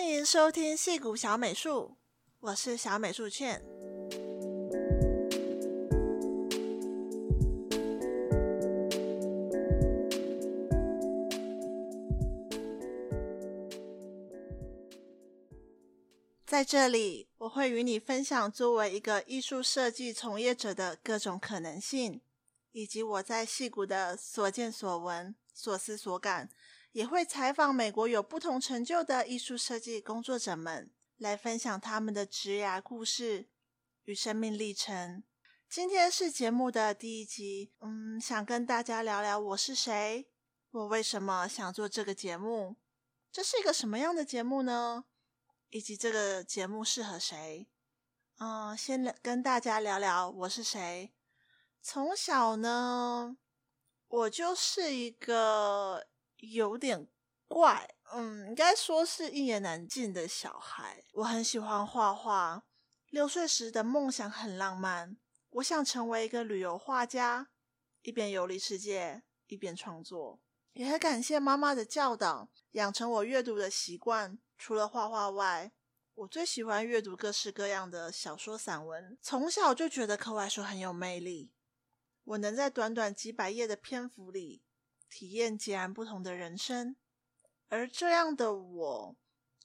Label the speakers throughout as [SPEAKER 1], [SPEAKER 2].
[SPEAKER 1] 歡迎收聽矽谷小美術，我是小美術 Chien。在這裡，我會與你分享作為一個藝術設計從業者的各種可能性，以及我在矽谷的所見所聞、所思所感。也會採訪美國有不同成就的藝術設計工作者們，來分享他們的職涯故事與生命歷程。今天是節目的第一集，嗯，想跟大家聊聊我是誰，我為什麼想做這個節目，這是一個什麼樣的節目呢？以及這個節目適合誰？嗯，先跟大家聊聊我是誰。從小呢，我就是一個。有點怪，嗯，應該說是一言難盡的小孩。我很喜歡畫畫，六歲時的夢想很浪漫，我想成為一個旅遊畫家，一邊遊歷世界，一邊創作。也很感謝媽媽的教導，養成我閱讀的習慣。除了畫畫外，我最喜歡閱讀各式各樣的小說散文。從小就覺得課外書很有魅力。我能在短短幾百頁的篇幅裡，體驗截然不同的人生，而這樣的我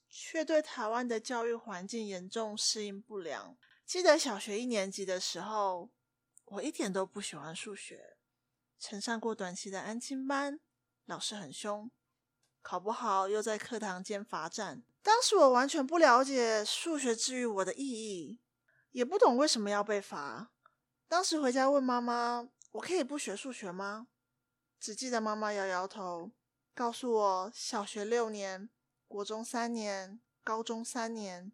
[SPEAKER 1] 卻對台灣的教育環境嚴重適應不良。記得小學一年級的時候，我一點都不喜歡數學，曾上過短期的安親班，老師很兇，考不好又在課堂間罰站。當時我完全不了解數學之於我的意義，也不懂為什麼要被罰。當時回家問媽媽：“我可以不學數學嗎？”只記得媽媽搖搖頭，告訴我：“小學六年，國中三年，高中三年，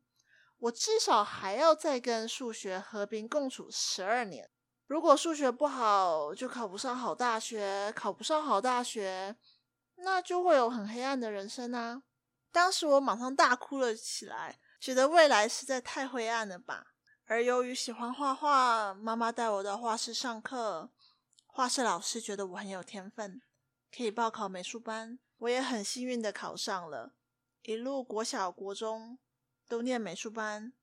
[SPEAKER 1] 我至少還要再跟數學和平共處十二年。如果數學不好，就考不上好大學；考不上好大學，那就會有很黑暗的人生啊！”當時我馬上大哭了起來，覺得未來實在太灰暗了吧。而由於喜歡畫畫，媽媽帶我到畫室上課。畫室老師覺得我很有天分，可以報考美術班。我也很幸運的考上了，一路國小、國中都念美術班。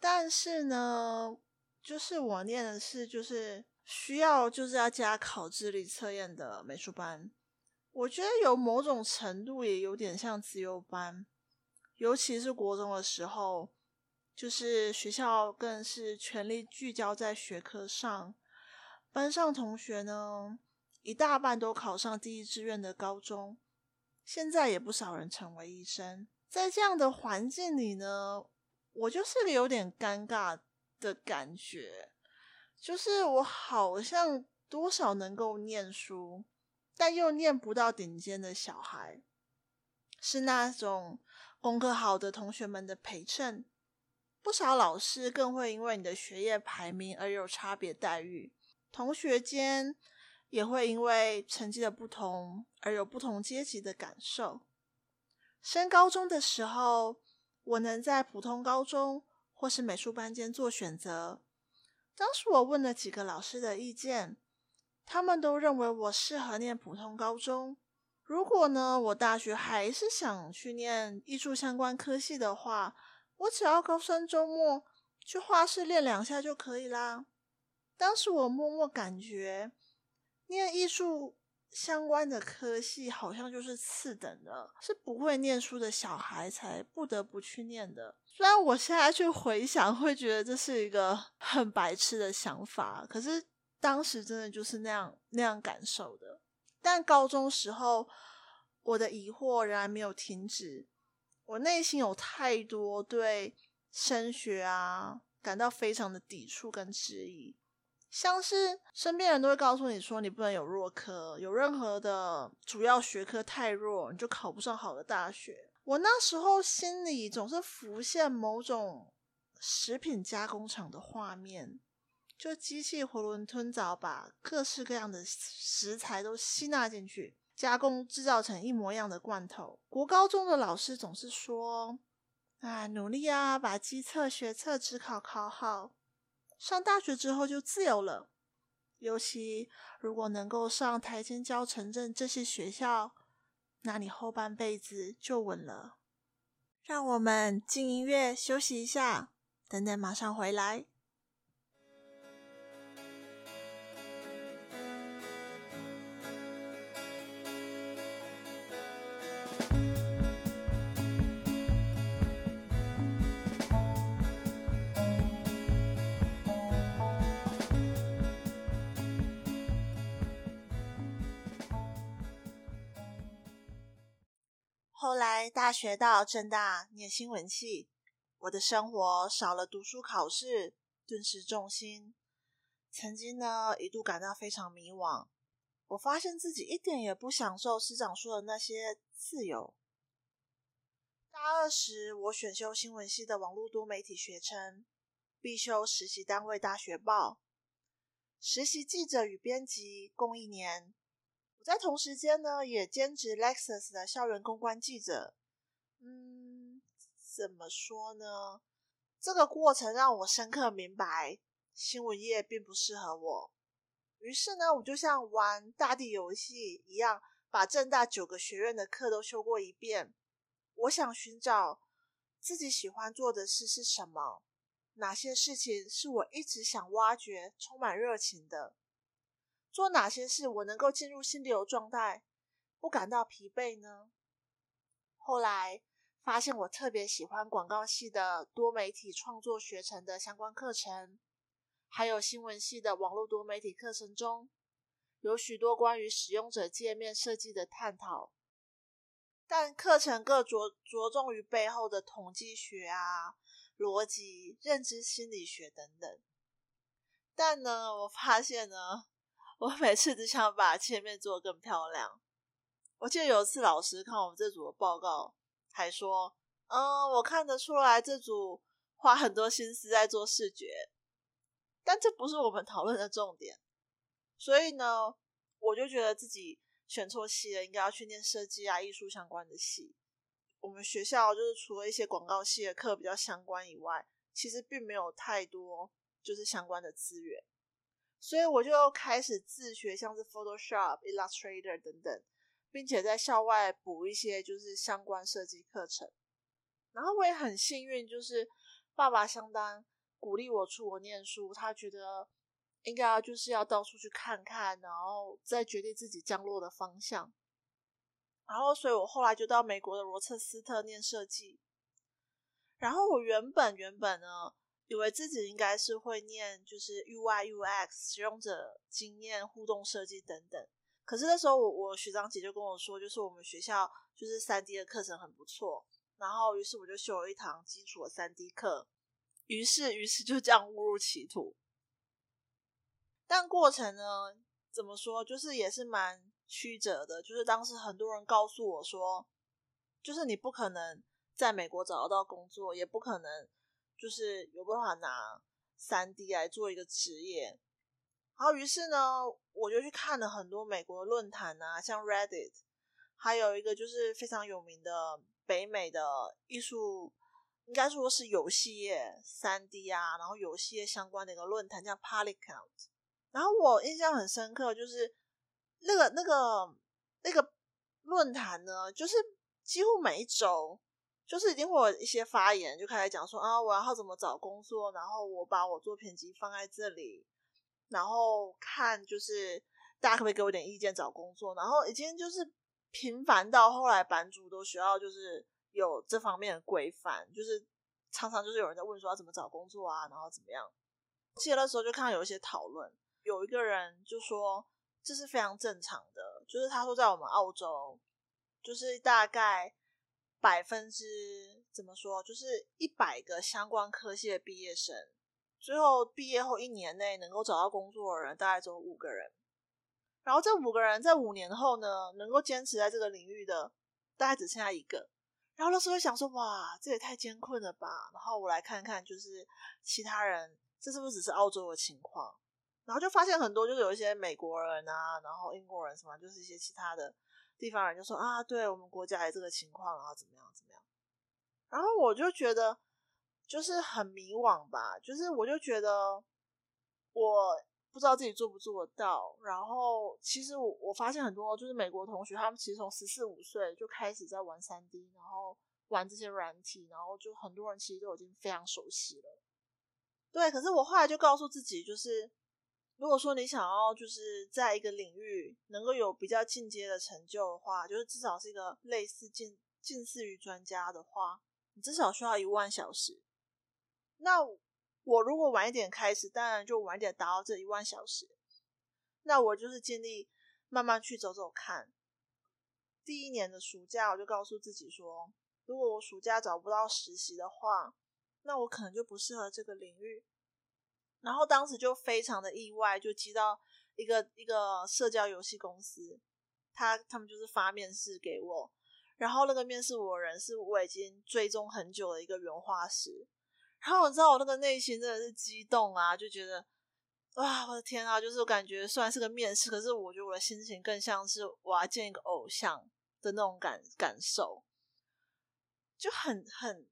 [SPEAKER 1] 但是呢，就是我念的是就是需要就是要加考智力測驗的美術班。我覺得有某種程度也有點像資優班，尤其是國中的時候，就是學校更是全力聚焦在學科上。班上同學呢，一大半都考上第一志願的高中，現在也不少人成為醫生。在這樣的環境裡呢，我就是個有點尷尬的感覺，就是我好像多少能夠念書，但又念不到頂尖的小孩，是那種功課好的同學們的陪襯。不少老師更會因為你的學業排名而有差別待遇。同學間也會因為成績的不同而有不同階級的感受。升高中的時候，我能在普通高中或是美術班間做選擇。當時我問了幾個老師的意見，他們都認為我適合念普通高中。如果呢，我大學還是想去念藝術相關科系的話，我只要高三周末去畫室練兩下就可以啦。當時我默默感覺，念藝術相關的科系好像就是次等的，是不會念書的小孩才不得不去念的。雖然我現在去回想，會覺得這是一個很白痴的想法，可是當時真的就是那樣那樣感受的。但高中時候，我的疑惑仍然沒有停止，我內心有太多對升學啊感到非常的抵觸跟質疑。像是身邊人都會告訴你說，你不能有弱科，有任何的主要學科太弱，你就考不上好的大學。我那時候心裡總是浮現某種食品加工廠的畫面，就機器囫圇吞棗把各式各樣的食材都吸納進去，加工製造成一模一樣的罐頭。國高中的老師總是說：“哎，努力啊，把基測、學測、指考考好。”上大學之後就自由了，尤其如果能夠上台、清交成政這些學校，那你後半輩子就穩了。讓我們進音樂休息一下，等等馬上回來。後來大學到政大念新聞系，我的生活少了讀書考試，頓時重心，曾經呢，一度感到非常迷惘。我發現自己一點也不享受師長說的那些自由。大二時，我選修新聞系的網絡多媒體學程，必修實習單位大學報，實習記者與編輯共一年。在同時間呢，也兼職 Lexus 的校園公關記者。嗯，怎麼說呢？這個過程讓我深刻明白，新聞業並不適合我。於是呢，我就像玩大地遊戲一樣，把政大九個學院的課都修過一遍。我想尋找自己喜歡做的事是什麼？哪些事情是我一直想挖掘、充滿熱情的？做哪些事我能夠進入心流狀態，不感到疲憊呢？後來發現我特別喜歡廣告系的多媒體創作學程的相關課程，還有新聞系的網絡多媒體課程中，有許多關於使用者界面設計的探討，但課程各着着重於背後的統計學啊、邏輯、認知心理學等等。但呢，我發現呢。我每次都想把前面做得更漂亮。我記得有一次老師看我們這組的報告，還說：“嗯，我看得出來這組花很多心思在做視覺，但這不是我們討論的重點。”所以呢，我就覺得自己選錯系了，應該要去念設計啊、藝術相關的系。我們學校就是除了一些廣告系的課比較相關以外，其實並沒有太多就是相關的資源。所以我就開始自學，像是 Photoshop、Illustrator 等等，並且在校外補一些就是相關設計課程。然後我也很幸運，就是爸爸相當鼓勵我出國念書，他覺得應該就是要到處去看看，然後再決定自己降落的方向。然後，所以我後來就到美國的羅徹斯特念設計。然後我原本原本呢，以為自己應該是會念，就是 UI UX 使用者經驗互動設計等等。可是那時候我，我我學長姐就跟我說，就是我們學校就是三 D 的課程很不錯。然後，於是我就修了一堂基礎的三 D 課。於是，於是就這樣誤入歧途。但過程呢，怎麼說，就是也是蠻曲折的。就是當時很多人告訴我說，就是你不可能在美國找得到工作，也不可能。就是有辦法拿三 D 來做一個職業，然後於是呢，我就去看了很多美國的論壇啊，像 Reddit，還有一個就是非常有名的北美的藝術，應該說是遊戲業三 D 啊，然後遊戲業相關的一個論壇叫 Polycount，然後我印象很深刻，就是那個那個那個論壇呢，就是幾乎每一周。就是已經會有一些發言就開始講說啊，我要怎麼找工作，然後我把我作品集放在這裡，然後看就是大家可不可以給我一點意見找工作，然後已經就是頻繁到後來版主都需要就是有這方面的規範，就是常常就是有人在問說要怎麼找工作啊，然後怎麼樣？記得那時候就看到有一些討論，有一個人就說這是非常正常的，就是他說在我們澳洲就是大概。百分之怎麼說？就是一百個相關科系的畢業生，最後畢業後一年內能夠找到工作的人，大概只有五個人。然後這五個人在五年後呢，能夠堅持在這個領域的，大概只剩下一個。然後那時候想說：“哇，這也太艱困了吧？”然後我來看看，就是其他人，這是不是只是澳洲的情況？然後就發現很多，就是有一些美國人啊，然後英國人什麼，就是一些其他的。地方人就說啊，對，我們國家還這個情況，然後怎麼樣怎麼樣，然後我就覺得就是很迷惘吧，就是我就覺得我不知道自己做不做得到，然後其實我我發現很多就是美國同學，他們其實從十四五歲就開始在玩 3D，然後玩這些軟體，然後就很多人其實都已經非常熟悉了。對，可是我後來就告訴自己，就是。如果說你想要就是在一個領域能夠有比較進階的成就的話，就是至少是一個類似近近似於專家的話，你至少需要一萬小時。那我如果晚一點開始，當然就晚一點達到這一萬小時。那我就是盡力慢慢去走走看。第一年的暑假我就告訴自己說，如果我暑假找不到實習的話，那我可能就不適合這個領域。然後當時就非常的意外，就接到一個一個社交遊戲公司，他他們就是發面試給我，然後那個面試我人是我已經追蹤很久的一個原畫師，然後我知道我那個內心真的是激動啊，就覺得哇，我的天啊，就是感覺雖然是個面試，可是我覺得我的心情更像是我要見一個偶像的那種感感受，就很很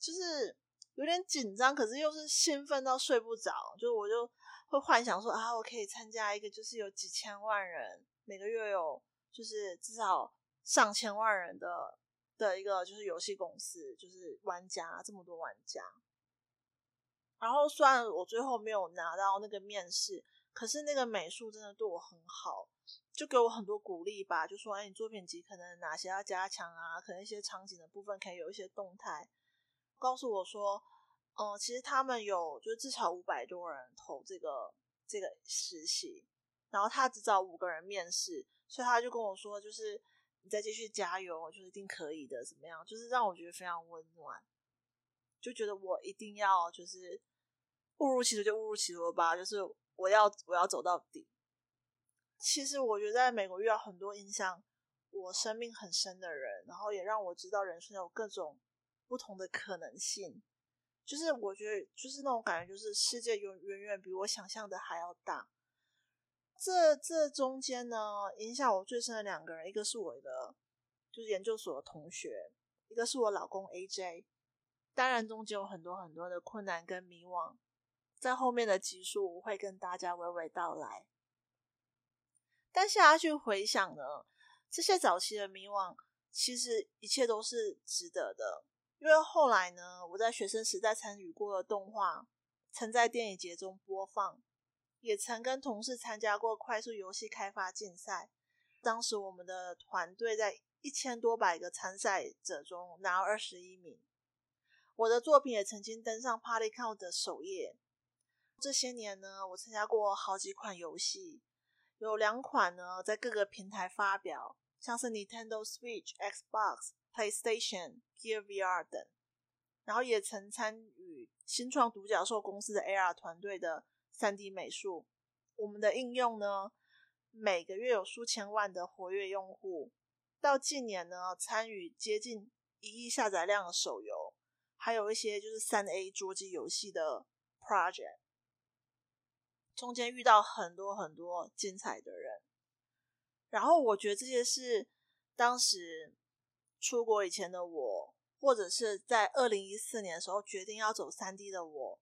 [SPEAKER 1] 就是。有點緊張，可是又是興奮到睡不着。就我就會幻想說啊，我可以參加一個，就是有幾千萬人，每個月有，就是至少上千萬人的的一個就是遊戲公司，就是玩家這麼多玩家。然後雖然我最後沒有拿到那個面試，可是那個美術真的對我很好，就給我很多鼓勵吧。就說哎，你作品集可能哪些要加強啊？可能一些場景的部分可以有一些動態。告訴我說，嗯、呃，其實他們有，就是至少五百多人投這個這個實習，然後他只找五個人面試，所以他就跟我說，就是你再繼續加油，就是、一定可以的，怎麼樣？就是讓我覺得非常溫暖，就覺得我一定要就是誤入歧途就誤入歧途吧，就是我要我要走到底。其實我覺得在美國遇到很多影響我生命很深的人，然後也讓我知道人生有各種。不同的可能性，就是我覺得就是那種感覺，就是世界遠遠比我想象的還要大。這這中間呢，影響我最深的兩個人，一個是我的就是研究所的同學，一個是我老公 AJ。當然，中間有很多很多的困難跟迷惘，在後面的集數我會跟大家娓娓道來。但是，要去回想呢，這些早期的迷惘，其實一切都是值得的。因為後來呢，我在學生時代參與過的動畫曾在電影節中播放，也曾跟同事參加過快速遊戲開發競賽。當時我們的團隊在一千多百個參賽者中拿了二十一名。我的作品也曾經登上 Polycount 首頁。這些年呢，我參加過好幾款遊戲，有兩款呢在各個平台發表。像是 Nintendo Switch、Xbox、PlayStation、Gear VR 等，然後也曾參與新創獨角獸公司的 AR 團隊的 3D 美術。我們的應用呢，每個月有數千萬的活躍用戶。到近年呢，參與接近一億下載量的手遊，還有一些就是 3A 桌機遊戲的 project，中間遇到很多很多精彩的人。然後我覺得這些是當時出國以前的我，或者是在二零一四年的時候決定要走三 D 的我，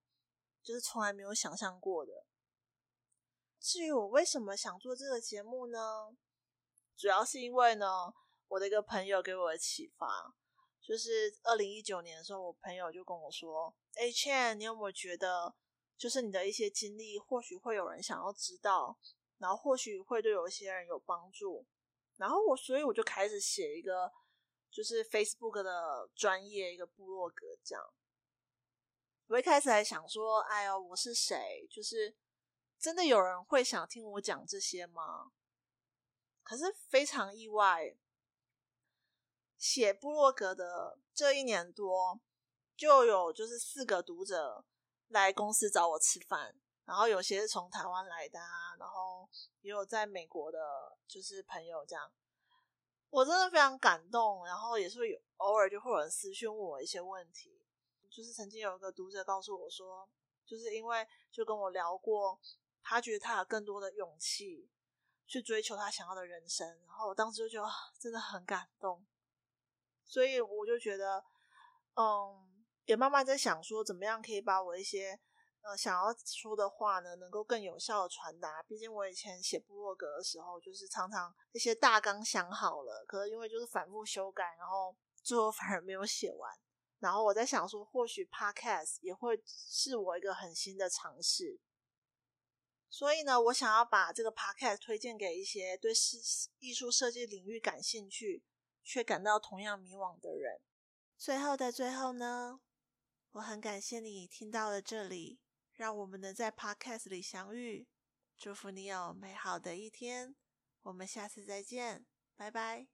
[SPEAKER 1] 就是從來沒有想象過的。至於我為什麼想做這個節目呢？主要是因為呢，我的一個朋友給我的啟發，就是二零一九年的時候，我朋友就跟我說：“誒，倩，你有沒有覺得，就是你的一些經歷，或許會有人想要知道。”然後或許會對有一些人有幫助，然後我所以我就開始寫一個就是 Facebook 的專頁一個部落格。這樣我一開始還想說，哎呦我是誰，就是真的有人會想聽我講這些嗎？可是非常意外，寫部落格的這一年多，就有就是四個讀者來公司找我吃飯。然後有些是從台灣來的啊，然後也有在美國的，就是朋友這樣，我真的非常感動。然後也是有偶爾就會有人私訊問我一些問題，就是曾經有一個讀者告訴我說，就是因為就跟我聊過，他覺得他有更多的勇氣去追求他想要的人生。然後我當時就覺得真的很感動，所以我就覺得，嗯，也慢慢在想說怎麼樣可以把我一些。呃，想要說的話呢，能夠更有效的傳達。畢竟我以前寫部落格的時候，就是常常一些大綱想好了，可是因為就是反復修改，然後最後反而沒有寫完。然後我在想說，或許 Podcast 也會是我一個很新的嘗試。所以呢，我想要把這個 Podcast 推薦給一些對藝術設計領域感興趣，卻感到同樣迷惘的人。最後的最後呢，我很感謝你聽到了這裡。讓我們能在 Podcast 裡相遇，祝福你有美好的一天，我們下次再見，拜拜。